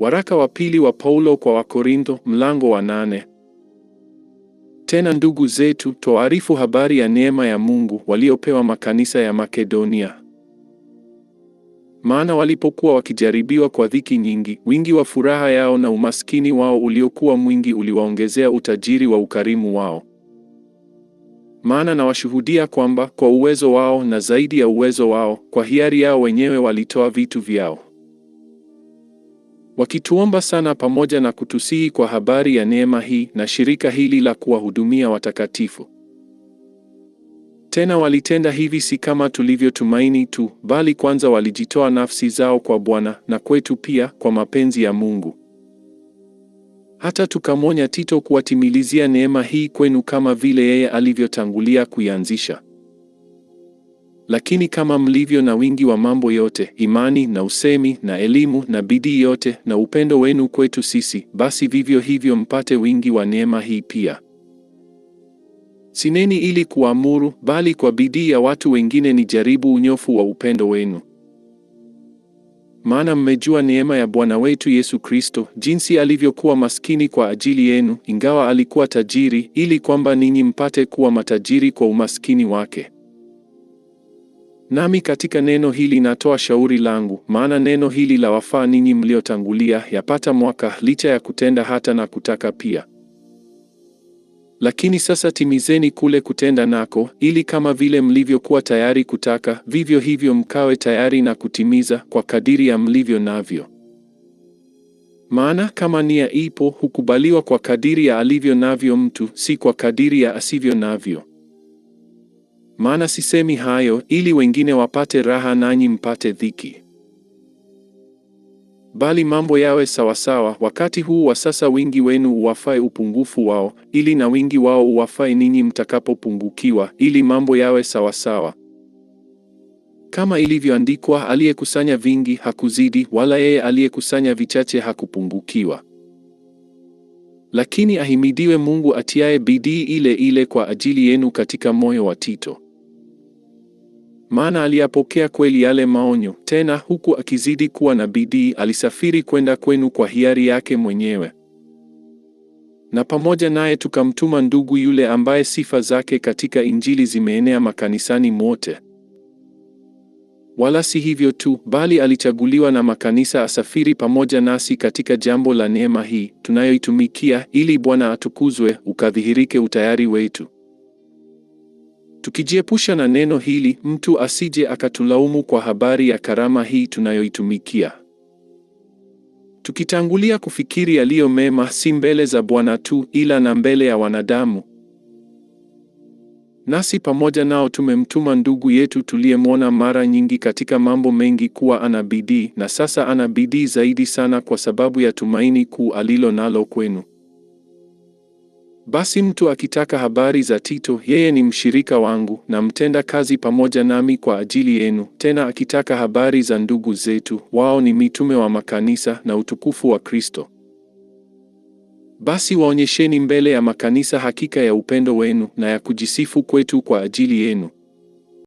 Waraka wa pili wa Paulo kwa Wakorintho mlango wa nane. Tena ndugu zetu, twaarifu habari ya neema ya Mungu waliopewa makanisa ya Makedonia. Maana walipokuwa wakijaribiwa kwa dhiki nyingi, wingi wa furaha yao na umaskini wao uliokuwa mwingi uliwaongezea utajiri wa ukarimu wao. Maana nawashuhudia kwamba kwa uwezo wao na zaidi ya uwezo wao, kwa hiari yao wenyewe walitoa vitu vyao wakituomba sana pamoja na kutusihi kwa habari ya neema hii na shirika hili la kuwahudumia watakatifu. Tena walitenda hivi si kama tulivyotumaini tu, bali kwanza walijitoa nafsi zao kwa Bwana na kwetu pia kwa mapenzi ya Mungu. Hata tukamwonya Tito kuwatimilizia neema hii kwenu kama vile yeye alivyotangulia kuianzisha. Lakini kama mlivyo na wingi wa mambo yote, imani na usemi na elimu na bidii yote na upendo wenu kwetu sisi, basi vivyo hivyo mpate wingi wa neema hii pia. Sineni ili kuamuru, bali kwa bidii ya watu wengine nijaribu unyofu wa upendo wenu. Maana mmejua neema ya Bwana wetu Yesu Kristo, jinsi alivyokuwa maskini kwa ajili yenu, ingawa alikuwa tajiri, ili kwamba ninyi mpate kuwa matajiri kwa umaskini wake. Nami katika neno hili natoa shauri langu, maana neno hili la wafaa ninyi mliotangulia yapata mwaka, licha ya kutenda hata na kutaka pia. Lakini sasa timizeni kule kutenda nako, ili kama vile mlivyokuwa tayari kutaka, vivyo hivyo mkawe tayari na kutimiza, kwa kadiri ya mlivyo navyo. Maana kama nia ipo, hukubaliwa kwa kadiri ya alivyo navyo mtu, si kwa kadiri ya asivyo navyo. Maana sisemi hayo ili wengine wapate raha nanyi mpate dhiki, bali mambo yawe sawasawa. Wakati huu wa sasa wingi wenu uwafae upungufu wao, ili na wingi wao uwafae ninyi mtakapopungukiwa, ili mambo yawe sawasawa. Kama ilivyoandikwa, aliyekusanya vingi hakuzidi, wala yeye aliyekusanya vichache hakupungukiwa. Lakini ahimidiwe Mungu atiaye bidii ile ile kwa ajili yenu katika moyo wa Tito maana aliyapokea kweli yale maonyo. Tena huku akizidi kuwa na bidii, alisafiri kwenda kwenu kwa hiari yake mwenyewe, na pamoja naye tukamtuma ndugu yule ambaye sifa zake katika Injili zimeenea makanisani mwote. Wala si hivyo tu, bali alichaguliwa na makanisa asafiri pamoja nasi katika jambo la neema hii tunayoitumikia, ili Bwana atukuzwe, ukadhihirike utayari wetu Tukijiepusha na neno hili, mtu asije akatulaumu kwa habari ya karama hii tunayoitumikia. Tukitangulia kufikiri yaliyo mema, si mbele za Bwana tu, ila na mbele ya wanadamu. Nasi pamoja nao tumemtuma ndugu yetu tuliyemwona mara nyingi katika mambo mengi kuwa ana bidii, na sasa ana bidii zaidi sana kwa sababu ya tumaini kuu alilo nalo kwenu. Basi mtu akitaka habari za Tito, yeye ni mshirika wangu na mtenda kazi pamoja nami kwa ajili yenu; tena akitaka habari za ndugu zetu, wao ni mitume wa makanisa na utukufu wa Kristo. Basi waonyesheni mbele ya makanisa hakika ya upendo wenu na ya kujisifu kwetu kwa ajili yenu.